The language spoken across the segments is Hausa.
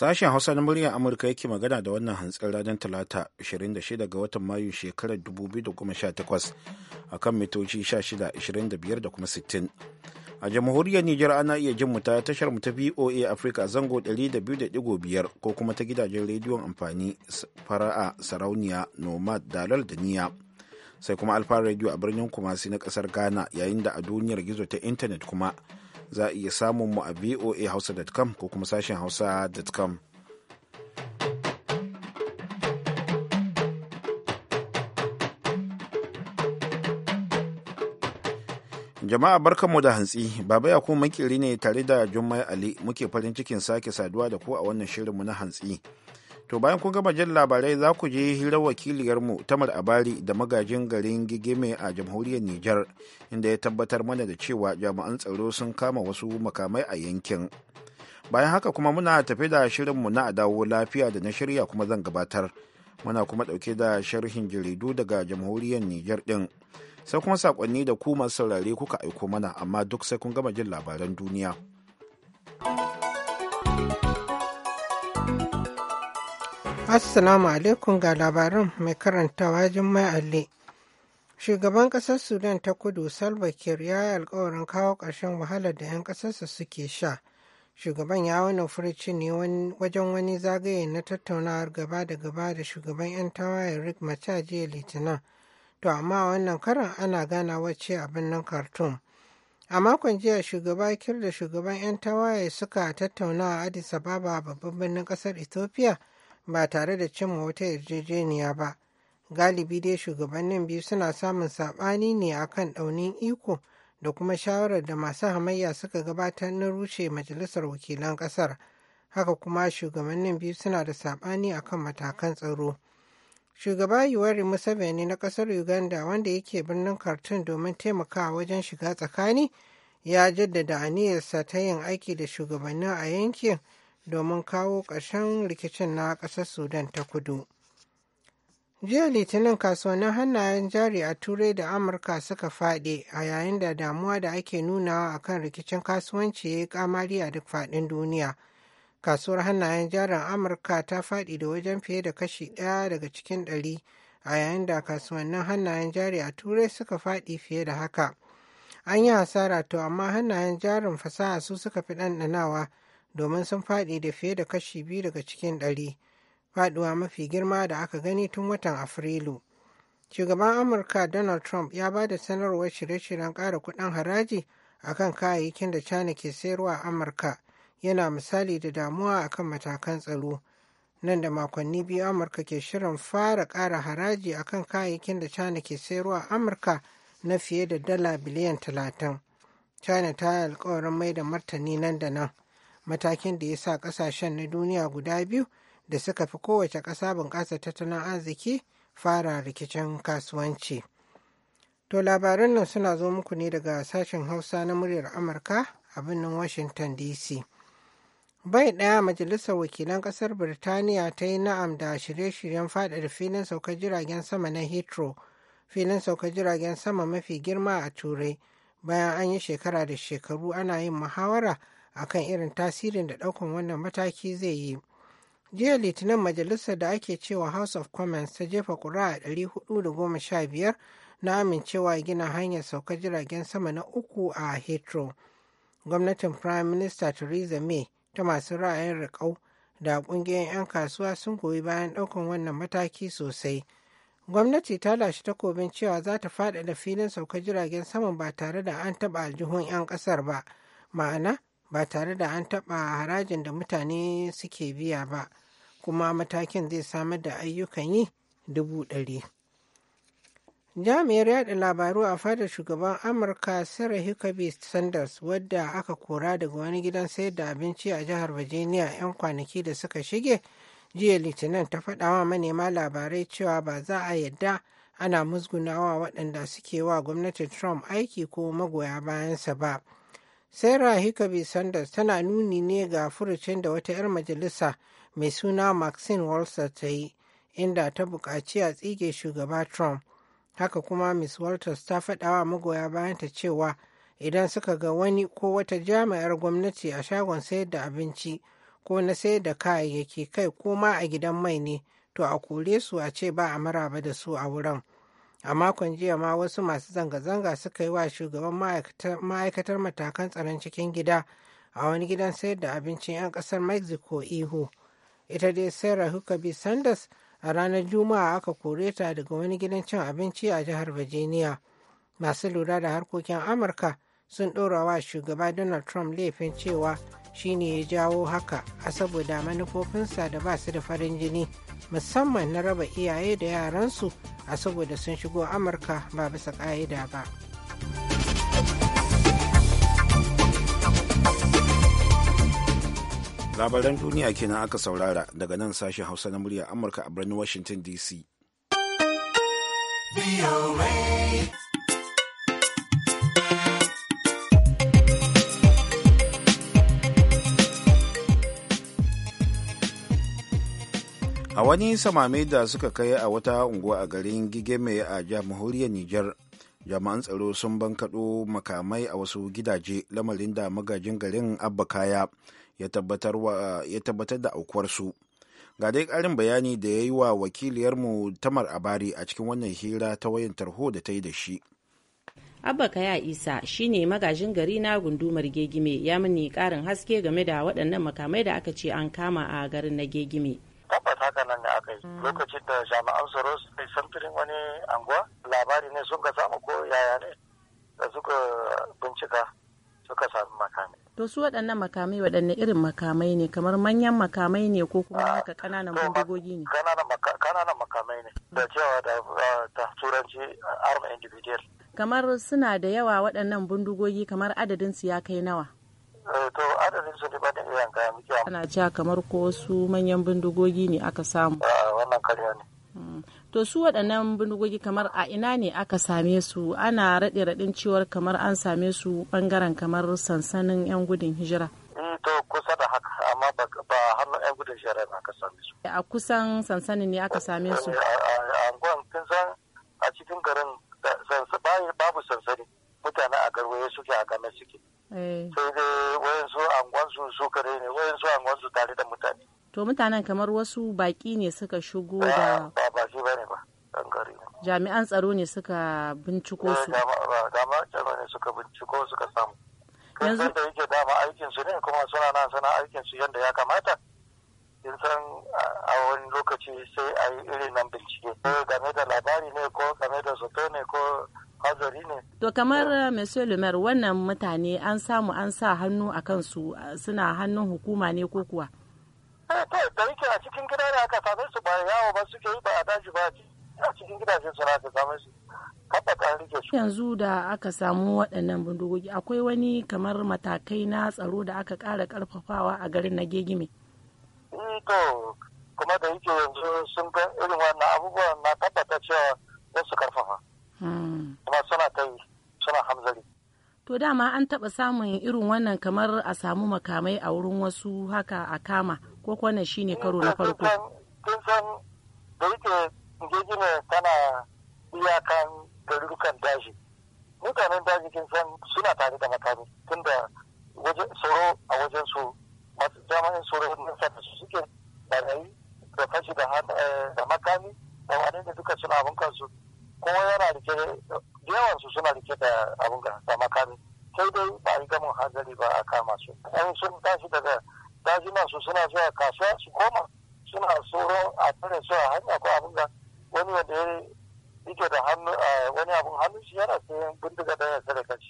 Sashen Hausa na muryar Amurka yake magana da wannan hantsin ranar Talata 26 ga watan Mayu shekarar 2018 a kan mitoci 16, da kuma 60. A jamhuriyar Nijar ana iya jin ta tashar mu ta VOA Africa zango 200.5 ko kuma ta gidajen rediyon amfani fara'a sarauniya nomad dalal da niya. Sai kuma alfa radio a birnin Kumasi na kasar Ghana yayin da a duniyar gizo ta intanet kuma za a iya samun mu a voa hausa.com ko kuma sashen hausa.com. jama'a barkanmu da hantsi baba yakubu makiri ne tare da jummai ali muke farin cikin sake saduwa da ku a wannan shirinmu na hantsi To bayan kun gama jin labarai za ku je hira wakiliyarmu Tamar Abari da magajin garin Gigime a jamhuriyar Nijar inda ya tabbatar mana da cewa jami'an tsaro sun kama wasu makamai a yankin. Bayan haka kuma muna tafi da shirinmu na dawo lafiya da na shirya kuma zan gabatar. Muna kuma ɗauke da sharhin jaridu daga jamhuriyar Nijar ɗin. Sai kuma saƙonni da kuma masu saurare kuka aiko mana amma duk sai kun gama jin labaran duniya. thank you Assalamu alaikum ga labarin mai karantawa Jummai alle Shugaban ƙasar Sudan ta kudu Salva Kiir ya yi alkawarin kawo ƙarshen wahalar da 'yan ƙasarsa suke sha. Shugaban ya wani furici ne wajen wani zagaye na tattaunawar gaba da gaba da shugaban 'yan tawaye Rick Machaji jiya Litinin. To amma wannan karan ana gana ce a birnin Khartoum. A makon jiya shugaba Kir da shugaban 'yan tawaye suka tattauna a Addis Ababa babban birnin ƙasar Ethiopia ba tare da cimma wata yarjejeniya ba galibi dai shugabannin biyu suna samun saɓani ne akan ɗaunin iko da kuma shawarar da masu hamayya suka gabatar na rushe majalisar wakilan ƙasar haka kuma shugabannin biyu suna da saɓani akan matakan tsaro shugaba yuwari museveni na ƙasar uganda wanda yake birnin kartun domin taimakawa wajen shiga tsakani ya jaddada aniyarsa ta yin aiki da shugabannin a yankin domin kawo ƙarshen rikicin na ƙasar sudan ta kudu jiya litinin kasuwannin hannayen jari a turai da amurka suka faɗi a yayin da damuwa da ake nunawa kan rikicin kasuwanci ya yi kamari a duk faɗin duniya kasuwar hannayen jarin amurka ta faɗi da wajen fiye da kashi ɗaya daga cikin ɗari a yayin da kasuwannin hannayen jari a turai suka faɗi fiye da haka an yi hasara to amma hannayen jarin fasaha su suka fi ɗanɗanawa domin sun faɗi da fiye da kashi biyu daga cikin ɗari faɗuwa mafi girma da aka gani tun watan afrilu shugaban amurka donald trump ya ba da sanarwar shirye-shiryen ƙara kuɗin haraji akan kayayyakin da china ke sayarwa amurka yana misali da damuwa akan matakan tsaro nan da makonni biyu amurka ke shirin fara ƙara haraji akan kayayyakin da china ke sayarwa amurka na fiye da dala biliyan talatin china ta yi alkawarin mai da martani nan da nan matakin da ya sa kasashen na duniya guda biyu da suka fi kowace ƙasa bunƙasa tattalin arziki fara rikicin kasuwanci. To labaran nan suna zo muku ne daga sashen Hausa na muryar Amurka a birnin Washington DC. Bai ɗaya Majalisar Wakilan Ƙasar Birtaniya ta yi na'am da shirye-shiryen faɗaɗa filin saukar jiragen sama na Heathrow, filin saukar jiragen sama mafi girma a Turai, bayan an yi shekara da shekaru ana yin muhawara akan irin tasirin da ɗaukan wannan mataki zai yi jiya litinin majalisar da ake cewa house of commons ta jefa ƙuri'a 415 na amincewa gina hanyar sauka jiragen sama na uku a heathrow gwamnatin prime minister theresa may ta masu ra'ayin riƙau da ƙungiyoyin 'yan kasuwa sun goyi bayan ɗaukan wannan mataki sosai gwamnati ta lashe takobin cewa za ta faɗaɗa filin sauka jiragen saman ba tare da an taɓa aljihun 'yan ƙasar ba ma'ana ba tare da an taɓa harajin da mutane suke biya ba kuma matakin zai samar da ayyukan yi dubu ɗari. jami'ar yada labaru a fadar shugaban amurka sarah huckabee sanders wadda aka kora daga wani gidan sayar da abinci a jihar virginia 'yan kwanaki da suka shige jiya litinin ta faɗa wa manema labarai cewa ba za a yadda ana musgunawa waɗanda suke wa gwamnatin trump aiki ko magoya bayansa ba. sarah huckabee sanders tana nuni ne ga furucin da wata 'yar majalisa mai suna maxine walter ta yi inda ta buƙaci a tsige shugaba trump haka kuma miss walters ta faɗawa magoya bayanta cewa idan suka ga wani ko wata jami'ar gwamnati a shagon sayar da abinci ko na sayar da kayayyaki kai ko ma a gidan mai ne to a kore su a ce ba a maraba da su a wurin. a makon jiya ma wasu masu zanga-zanga suka yi wa shugaban ma'aikatar matakan tsaron cikin gida a wani gidan sayar da abincin 'yan kasar mexico ihu ita dai sarah huckabee sanders a ranar juma'a aka kore ta daga wani gidan cin abinci a jihar virginia masu lura da harkokin amurka sun ɗora wa shugaba donald trump laifin cewa shine ya jawo haka a saboda manufofinsa da ba su da farin jini musamman na raba iyaye da yaransu a saboda sun shigo amurka ba bisa ƙa'ida ba labaran duniya kenan aka saurara daga nan sashen hausa na murya amurka a birnin washington dc a wani samame da suka kai a wata unguwa a garin gigeme a jamhuriyar niger jama'an tsaro sun bankaɗo makamai a wasu gidaje lamarin da magajin garin abba kaya ya tabbatar da aukuwarsu ga dai ƙarin bayani da ya yi wa wakiliyarmu tamar abari a cikin wannan hira ta wayan tarho da ta yi da shi abba kaya isa shine magajin gari na gundumar gegime ya mini karin haske game da waɗannan makamai da aka ce an kama a garin na gegime kai lokacin da jami'an tsaro suka samfirin wani anguwa labari ne sun ka samu ko yaya ne da suka bincika suka samu makami to su waɗannan makamai waɗanne irin makamai ne kamar manyan makamai ne ko kuma ah, haka kananan bindigogi ne kananan makamai ne da cewa da turanci arm individual kamar suna da yawa waɗannan bindigogi kamar adadin su ya kai nawa Eh, to adadin su ba da iya gaya muke ana cewa kamar ko su manyan bindigogi ne aka samu ah, wannan karya ne mm. to su waɗannan bindigogi kamar a ina ne aka same su ana raɗe raɗin cewar kamar an same su ɓangaren kamar sansanin 'yan gudun hijira eh, to kusa da haka amma ba hannun 'yan gudun hijira ne aka same su a kusan sansanin ne aka same su eh, a anguwan kin san a cikin garin babu sansani mutane a garwaye suke a ganin suke Eh. sai dai wayansu angonsu su kare ne wayansu angonsu tare da mutane to mutanen kamar wasu baki ne suka shigo da ba baki bane ba dan gari jami'an tsaro ne suka binciko eh, su jami'an tsaro ne suka binciko suka samu yanzu da yake dama aikin su ne kuma suna nan suna aikin su yanda ya kamata in san a wani lokaci sai a yi irin nan bincike eh, game da labari ne ko game da zato ne ko hazari ne to kamar eh. Eh, monsieur le maire wannan mutane an samu an sa hannu a kansu suna hannun hukuma ne ko kuwa da eh, yake a cikin gida ne aka same su ba yawo ba suke yi ba a daji ba a cikin gidaje su aka same su yanzu da aka samu waɗannan bindigogi akwai wani kamar matakai na tsaro da aka ƙara ƙarfafawa a garin na gegime to kuma da yake yanzu sun ga irin wannan abubuwan na tabbata cewa za su ƙarfafa hmm. suna ta yi suna hamzari to dama an taɓa samun irin wannan kamar a samu makamai a wurin wasu haka a kama ko shi shine karo na eh, farko kun san da yake jeji ne tana iyakan garurukan daji mutanen daji kin san suna tare da makami tunda da tsoro a wajen su masu jami'in tsoro na sata su suke barayi da fashi da eh, makami da wani da duka suna abin kansu kowa yana rike yawan su suna rike da abin da makami sai dai ba a yi gamin hanzari ba a kama su an sun tashi daga dajinan su suna zuwa kasuwa su koma suna tsoro a tare su a hanya ko abin ga wani wanda ya rike da hannu wani abin hannu shi yana sayan bindiga da ya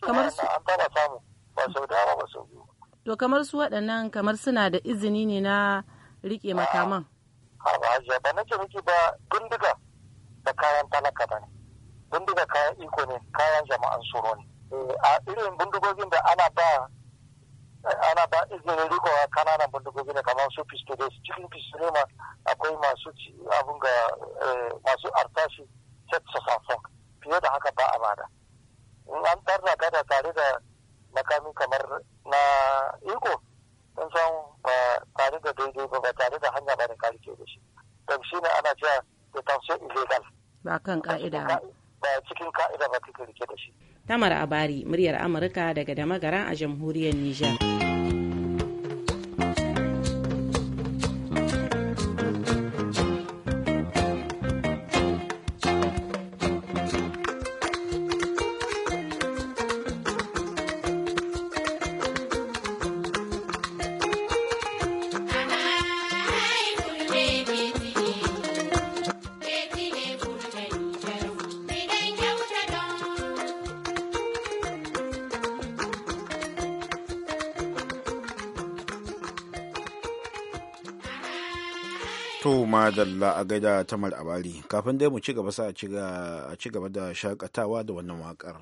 kamar su an taba samu ba sau da ba sau biyu to kamar su waɗannan kamar suna da izini ne na riƙe makaman. A ba ba nake miki ba bindiga da kayan talaka ba ne. bindiga kayan iko ne kayan jama'an tsoro ne eh, a irin bindigogin da ana ba ana ba izinin rikowa kananan bindigogi ne kamar su pistole cikin pistole ma akwai masu abun ga eh, masu artashi set sassan fiye da haka ba a bada in an tarna kada tare da makami kamar na iko sun san ba tare da daidai ba ba tare da hanya ba da ke da shi don shi ne ana cewa detention illegal ba kan ka'ida ba cikin ka'ida ba take rike da shi. Tamar Abari, muryar Amurka daga Damagara a jamhuriyar Nijar. su madalla a gaida tamar abari kafin dai mu ci gaba sa a ci gaba da shakatawa da wannan wakar.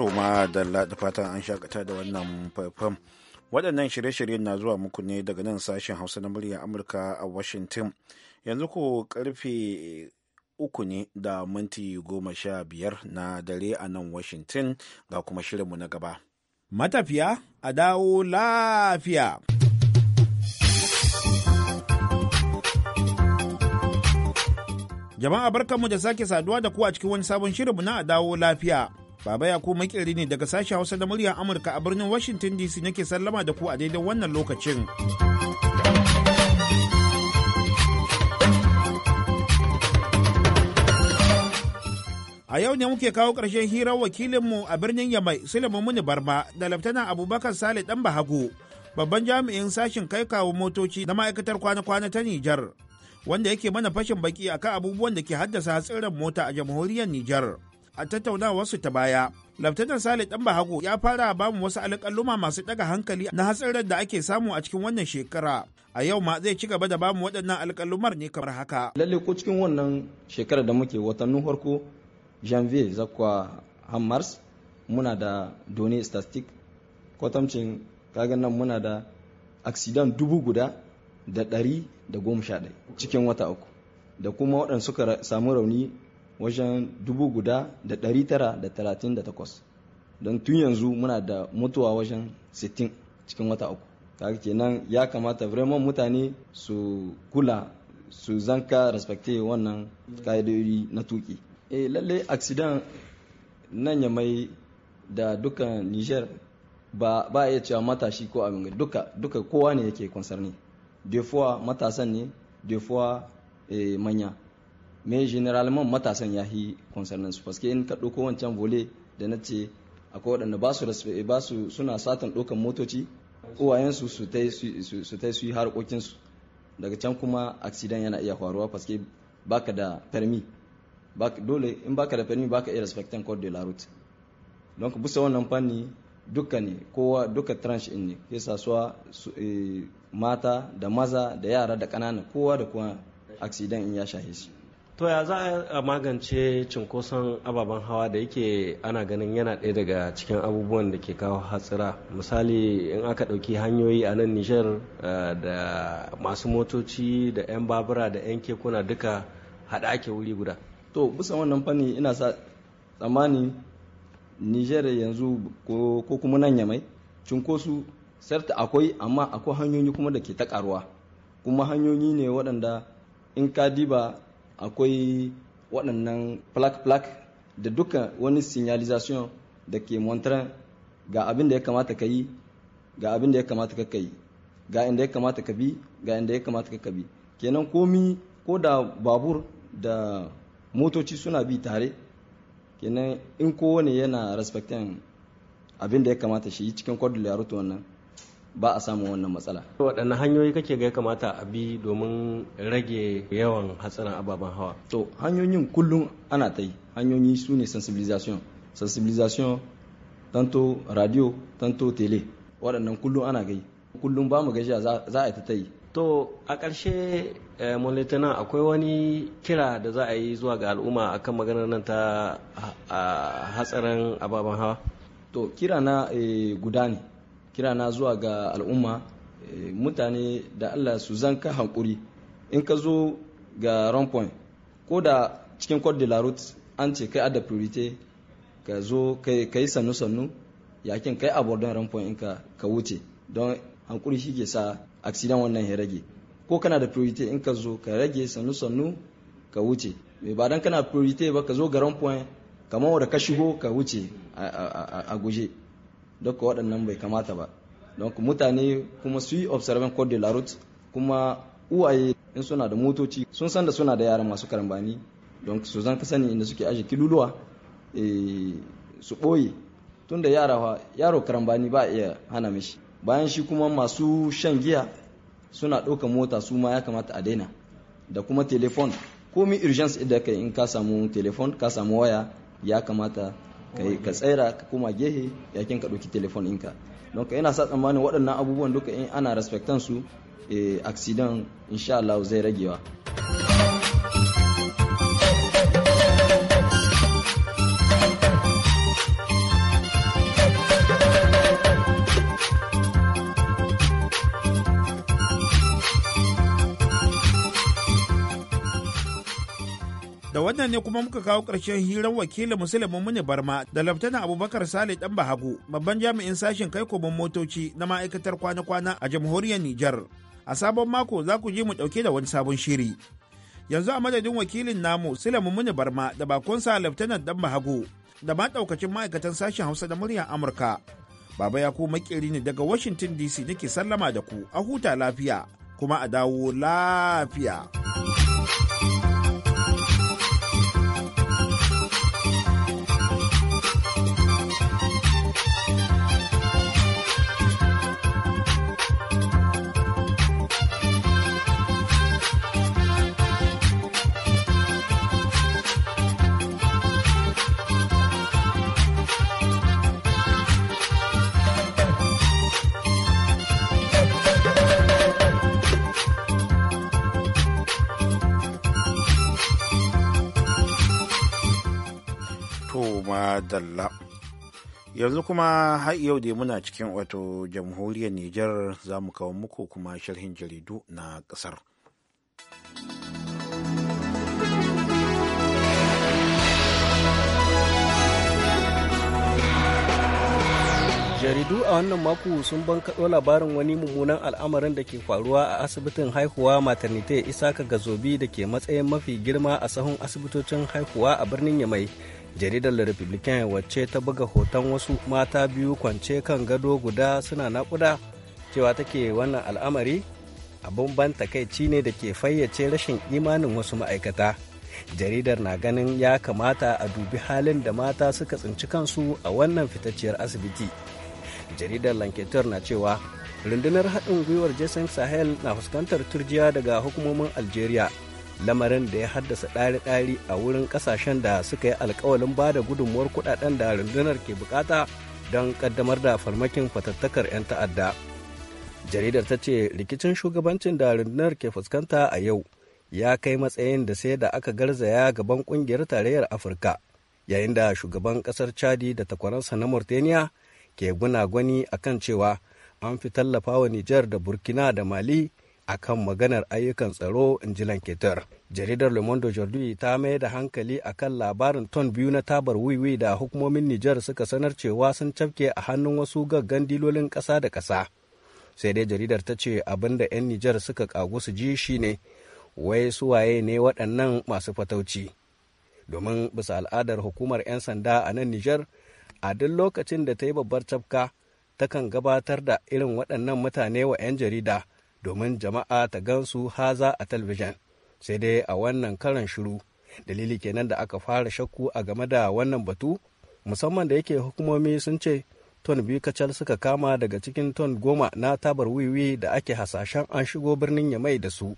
To ma da fatan an shakata da wannan faifan. Waɗannan shirye-shiryen na zuwa muku ne daga nan sashen Hausa na muryar Amurka a Washington. Yanzu ku karfe uku ne da minti goma sha biyar na dare a nan Washington ga kuma shirinmu na gaba. Matafiya a dawo lafiya. Jama'a barkanmu da sake saduwa da ku a cikin wani sabon shirinmu na a dawo lafiya. Baba Yakubu makirri ne daga sashen Hausa da muryar Amurka a birnin Washington DC nake sallama da ku a daidai wannan lokacin. A yau ne muke kawo ƙarshen hirar wakilinmu a birnin Yamai Suleiman Muni barba da Laftanan Abubakar Sale ɗan Bahago, babban jami'in sashin kai kawo motoci na ma'aikatar kwana-kwana ta Nijar, wanda yake mana fashin baki akan abubuwan da ke haddasa hatsarin mota a jamhuriyar Nijar. a tattaunawarsu ta baya. Laftanar Sale ɗan Bahago ya fara bamu wasu alƙaluma masu ɗaga hankali na hatsarin da ake samu a cikin wannan shekara. A yau ma zai ci gaba da bamu waɗannan alƙalumar ne kamar haka. Lalle ko cikin wannan shekarar da muke watannin farko Janvier zakwa har Mars muna da doni statistic kwatamcin kaga nan muna da aksidan dubu guda da ɗari da goma sha ɗaya cikin wata uku da kuma waɗanda suka samu rauni wajen dubu ɗari tara da talatin da takwas don tun yanzu muna da mutuwa wajen sittin cikin wata uku kaga kenan ya kamata vraiment mutane su kula su zanka respecte wannan ka'idodi na tuki eh lalle accident nan ya mai da dukkan niger ba ba iya cewa matashi ko abin duka duka kowa ne yake concern ne matasan ne des fois eh, manya me man matasan ya yi concernin su paske in ka ɗauko wancan vole da na ce akwai waɗanda ba su ba su suna satan ɗaukan motoci uwayensu su tai su yi harkokinsu daga can kuma accident yana iya faruwa paske baka da permi dole in baka da permi baka iya respecting code de la route donc bisa wannan fanni duka ne kowa duka tranche in ne yasa suwa e, mata da maza da yara da ƙanana kowa da kowa accident in ya shahe shi to ya za a magance cunkoson ababen hawa da yake ana ganin yana ɗaya daga cikin abubuwan da ke kawo hatsira misali in aka ɗauki hanyoyi a nan nijar eh, da masu motoci da 'yan babura da 'yan kekuna duka haɗa ake wuri guda to bisa wannan fanni ina sa tsammani nijar yanzu ko kuma nan yamai cinkosu sarta akwai amma akwai hanyoyi kuma da ke ta karuwa kuma hanyoyi ne waɗanda in ka diba akwai waɗannan plak-plak da duka wani signalization da ke montaran ga abin da ya kamata ka yi ga abin da ya kamata ka yi ga inda ya kamata ka bi ga inda ya kamata ka bi kenan komi ko da babur da motoci suna bi tare kenan in kowane yana respecting abin da ya kamata shi cikin kwadul ya rutu wannan ba a samun wannan matsala. waɗanne hanyoyi kake ga ya kamata a bi domin rage yawan hatsarin ababen hawa to hanyoyin kullum ana ta yi hanyoyi su ne sensibilisation sensibilisation tanto radio tanto tele waɗannan kullum ana gai kullum ba mu gaishe za a ta yi to a ƙarshe eh, mulaitana akwai wani kira da za a yi zuwa ga al'umma akan maganar nan ta ah, ah, hatsarin ababen hawa to kira na eh, guda ne na zuwa ga al'umma eh, mutane da allah su zanka hankuri in ka zo ga run point ko da cikin Cote de la route an ce kai ada priorite ka zo ka yi sannu-sannu yakin kai run point in ka wuce don hankuri shi ke sa accident wannan ya rage ko kana da priorite in ka zo ka rage sannu-sannu ka wuce mai ba dan kana priorite ba ka zo ga run point kamar da ka shigo ka wuce a guje duka waɗannan bai kamata ba don mutane kuma su yi observing code de la route kuma uwaye in suna da motoci sun san da suna da yaran masu karambani don su zan ka sani inda suke aji kiluluwa eh, su ɓoye tun da yara yaro karambani ba iya hana mishi bayan shi kuma masu shan giya suna ɗauka mota su ma ya kamata a daina da kuma telefon komi urgence idan ka in ka samu telefon ka samu waya ya kamata kai ka tsaira ka kuma gehe yakin ka ɗauki telefon ɗinka don ka yana sa tsammanin waɗannan abubuwan duka in ana respectan su eh, accident insha Allah zai ragewa. wannan ne kuma muka kawo ƙarshen hirar wakilin musulmin muni barma da labtana abubakar sale dan bahago babban jami'in sashen kai komin motoci na ma'aikatar kwana-kwana a jamhuriyar nijar a sabon mako za ku je mu ɗauke da wani sabon shiri yanzu a madadin wakilin namu sulaiman muni barma da bakonsa laftanan dan bahago da ma ɗaukacin ma'aikatan sashen hausa da muryar amurka baba ya ku makiri ne daga washington dc nake sallama da ku a huta lafiya kuma a dawo lafiya. yanzu kuma har yau dai muna cikin wato jamhuriyar nijar za mu kawo muku kuma sharhin jaridu na ƙasar jaridu a wannan mako sun bankaɗo labarin wani mummunan al'amarin da ke faruwa a asibitin haihuwa maternity isaka gazobi da ke matsayin mafi girma a sahun asibitocin haihuwa a birnin yamai jaridar La republican wacce ta buga hoton wasu mata biyu kwance kan gado guda suna nakuda cewa take wannan al'amari Abun ban takaici ne da ke fayyace rashin imanin wasu ma'aikata jaridar na ganin ya kamata a dubi halin da mata suka tsinci kansu a wannan fitacciyar asibiti jaridar lanketer na cewa rundunar haɗin gwiwar jason sahel na fuskantar turjiya daga hukumomin algeria lamarin da ya haddasa ɗari-ɗari a wurin ƙasashen da suka yi alkawalin ba da gudunmuwar kuɗaɗen da rundunar ke bukata don ƙaddamar da farmakin fatattakar 'yan ta'adda jaridar ta ce rikicin shugabancin da rundunar ke fuskanta a yau ya kai matsayin da sai da aka garzaya gaban ƙungiyar tarayyar afirka yayin da shugaban ƙasar chadi da takwaransa na mauritania ke gunagwani akan cewa an fi tallafa wa nijar da burkina da mali akan maganar ayyukan tsaro in ji lanketar jaridar le monde aujourd'hui ta mai da hankali akan labarin ton biyu na tabar wiwi da hukumomin nijar suka sanar cewa sun cafke a hannun wasu gaggan dilolin ƙasa da ƙasa sai dai jaridar ta ce abin da 'yan nijar suka kagu su ji shi ne wai waye ne waɗannan masu fatauci domin bisa al'adar hukumar 'yan sanda a nan niger a duk lokacin da ta yi babbar cafka takan gabatar da irin waɗannan mutane wa 'yan jarida domin jama'a ta gansu haza a talabijin sai dai a wannan karan shiru dalili kenan da aka fara shakku a game da wannan batu musamman da yake hukumomi sun ce ton biyu kacal suka kama daga cikin ton goma na tabar wiwi da ake hasashen an shigo birnin ya mai da su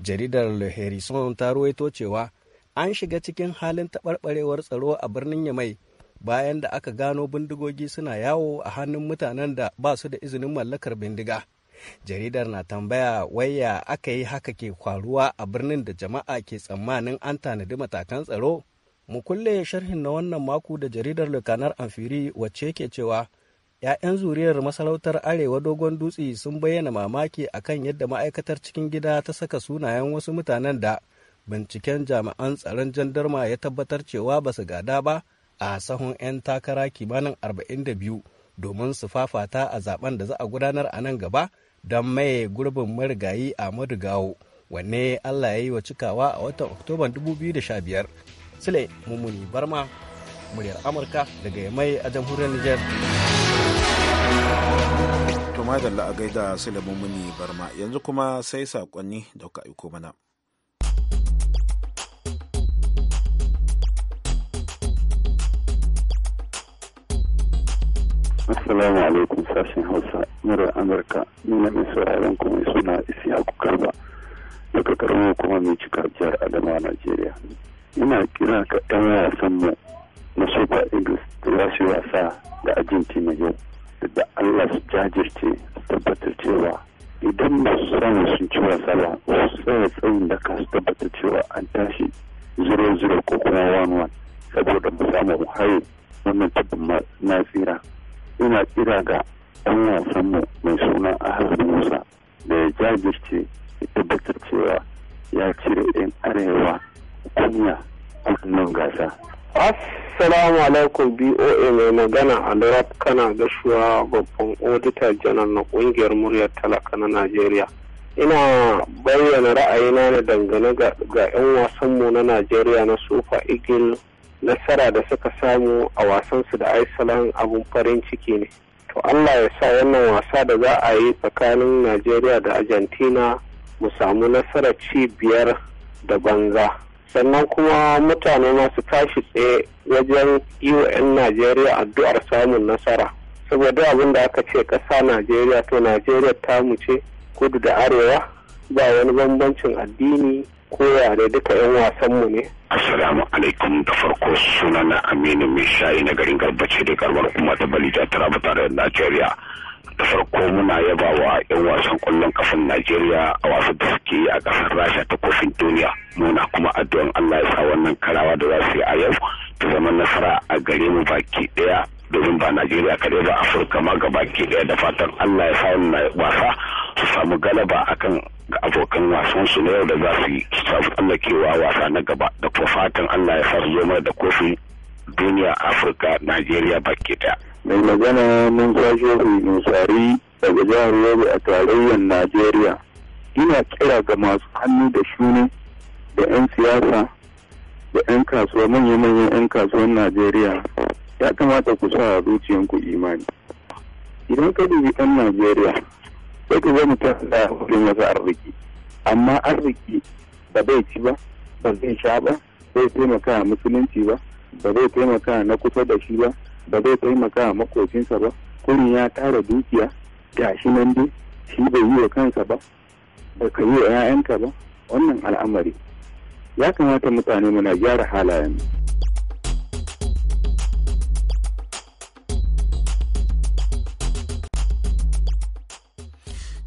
jaridar le harrison ta ruwaito cewa an shiga cikin halin taɓarɓarewar tsaro a birnin ya mai bayan da aka gano bindigogi suna yawo a hannun mutanen da ba su da izinin mallakar bindiga jaridar na tambaya waya aka yi haka ke kwaruwa a birnin da jama'a ke tsammanin an tanadi matakan tsaro mu kulle sharhin na wannan mako da jaridar lukanar amfiri wacce ke cewa 'ya'yan zuriyar masarautar arewa dogon dutse sun bayyana mamaki akan yadda ma'aikatar cikin gida ta saka sunayen wasu mutanen da binciken jami'an tsaron jandarma ya tabbatar cewa ba su gada ba a sahun 'yan takara kimanin 42 domin su fafata a zaben da za a gudanar a nan gaba don mai gurbin marigayi a Gawo wanne Allah ya yi wa cikawa a watan Oktoban 2015. Sule Mummuni Barma, muryar Amurka daga mai a jamhuriyar Nijar. To da a gaida Sule Mummuni Barma yanzu kuma sai saƙonni da kuka aiko mana. Assalamu alaikum sashen Hausa, mura Amurka, nuna mai sauraron ku mai suna Isiyaku Garba, daga karamar kuma mai cika jihar Adamawa, Najeriya. Ina kira ka ɗan wasan mu na Super Eagles da ya shi wasa da ajinti na yau, da Allah su jajirce su tabbatar cewa idan ba su samu sun ci wasa ba, su tsaya tsayin da ka su tabbatar cewa an tashi 0-0 ko kuma 1-1 saboda mu samu haye wannan tabbin na tsira. ina kira ga ɗan wasanmu mai suna ahmad musa da ya jajirce ya tabbatar cewa ya cire 'yan arewa kunya wannan gasa Assalamu alaikum BOA mai magana a Alrab kana gashuwa babban odita janar na kungiyar muryar talaka na Najeriya. Ina bayyana ra'ayina na dangane ga 'yan wasanmu na Najeriya na Super Eagle nasara da suka samu a wasansu da Iceland abun farin ciki ne. To Allah ya sa wannan wasa da za a yi tsakanin Najeriya da Argentina mu samu nasara ci biyar da banza. Sannan kuma mutane masu su tashi tsaye wajen yi wa Najeriya addu'ar samun nasara. Saboda abin da aka ce ƙasa Najeriya to Najeriya ta mu ce kudu da arewa ba wani bambancin addini koya da duka 'yan wasan mu ne. Assalamu alaikum da farko suna na Aminu mai shayi na garin garbace da karbar kuma ta bali ta taraba tare da Najeriya. Da farko muna yaba wa 'yan wasan kwallon kafin Najeriya a wasu da suke yi a kasar Rasha ta kofin duniya. Muna kuma addu'an Allah ya sa wannan karawa da za su yi a yau ta zama nasara a gare mu baki ɗaya domin ba Najeriya kaɗai ba Afirka ma gaba ki ɗaya da fatan Allah ya sa wannan wasa su samu galaba akan ga abokan wasan su na yau da za su samu tsallakewa wasa na gaba da kuma fatan Allah ya sa su da kofin duniya Afirka Najeriya baki ta Mai magana mun kwashe Musari daga jihar Yobe a tarayyar Najeriya. Ina kira ga masu hannu da shuni da 'yan siyasa da 'yan kasuwa manya-manyan 'yan kasuwan Najeriya ya kamata ku sa a zuciyanku imani. Idan ka dubi 'yan Najeriya sai ka zama ta da hukun wasu arziki amma arziki ba zai ci ba ba zai sha ba zai taimaka musulunci ba ba zai taimaka na kusa da shi ba ba zai taimaka makocinsa ba kurin ya tara dukiya shi nan dai shi bai yi wa kansa ba ba ka yi wa 'ya'yanka ba wannan al'amari ya kamata mutane muna gyara halayen mu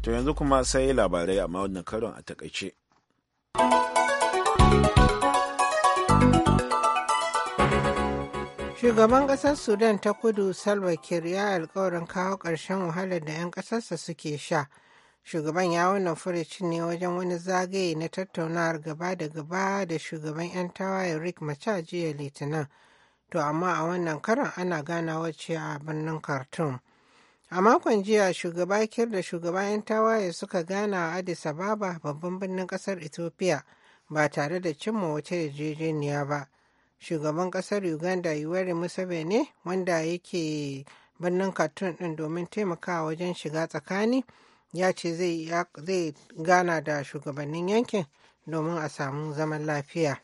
To yanzu kuma sai labarai amma wannan karon a takaice. Shugaban ƙasar Sudan ta kudu Salva Kiir ya alkawarin kawo ƙarshen wahalar da 'yan ƙasarsa suke sha. Shugaban ya wannan furucin ne wajen wani zagaye na tattaunawar gaba da gaba da shugaban 'yan tawayen Rick Machar jiya Litinin. To amma a wannan karon ana ganawa ce a birnin Khartoum. A makon jiya shugaba Kir da shugaba 'yan tawaye suka gana a Addis Ababa babban birnin kasar Ethiopia ba tare da cimma wata yarjejeniya ba. Shugaban kasar Uganda Yoweri Museveni wanda yake birnin katun din domin taimakawa wajen shiga tsakani ya ce zai gana da shugabannin yankin domin a samu zaman lafiya.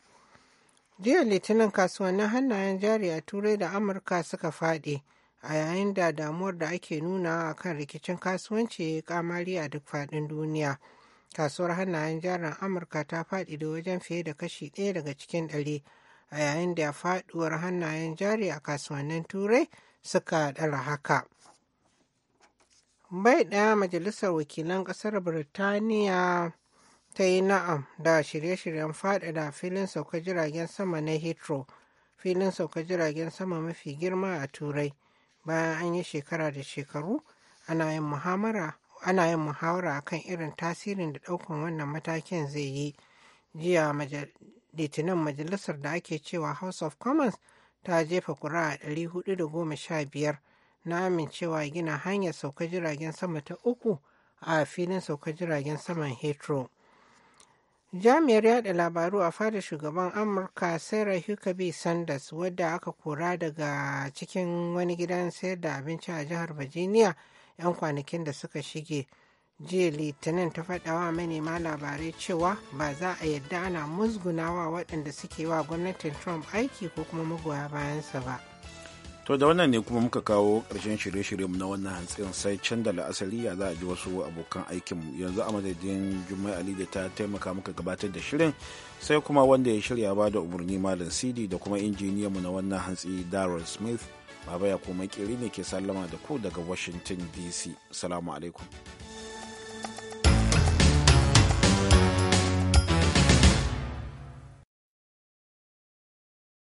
Jiya Litinin kasuwannin hannayen jari a Turai da Amurka suka faɗi. a yayin da damuwar da ake nuna a kan rikicin kasuwanci ya kamari a duk faɗin duniya kasuwar hannayen jarin amurka ta faɗi da wajen fiye da kashi ɗaya daga cikin ɗari a yayin da faɗuwar hannayen jari a kasuwannin turai suka ɗara haka bai ɗaya majalisar wakilan ƙasar birtaniya ta yi na'am da shirye-shiryen faɗaɗa filin sauka jiragen sama na hitro filin sauka jiragen sama mafi girma a turai bayan an yi shekara da shekaru ana yin muhawara a kan irin tasirin da ɗaukan wannan matakin zai yi jiya litinin majalisar da ake cewa house of commons ta jefa sha 415 na amincewa gina hanyar sauka jiragen sama ta uku a filin sauka jiragen saman hetro Jami'ar yada labaru a fadar shugaban Amurka Sarah Huckabee Sanders wadda aka kora daga cikin wani gidan sayar da abinci a jihar Virginia 'yan kwanakin da suka shige. Jiya Litinin ta faɗawa manema labarai cewa ba za a yadda ana musgunawa waɗanda suke wa gwamnatin Trump aiki ko kuma magoya bayansa ba. to da wannan ne kuma muka kawo ƙarshen shirye-shiryenmu na wannan hantsin sai can da la'asari ya za a ji wasu abokan aikinmu yanzu a madadin jummai ali da ta taimaka muka gabatar da shirin sai kuma wanda ya shirya ba da umarni malam cd da kuma injiniyanmu na wannan hantsi darren smith baba ya kuma kiri ne ke sallama da ku daga washington dc salamu alaikum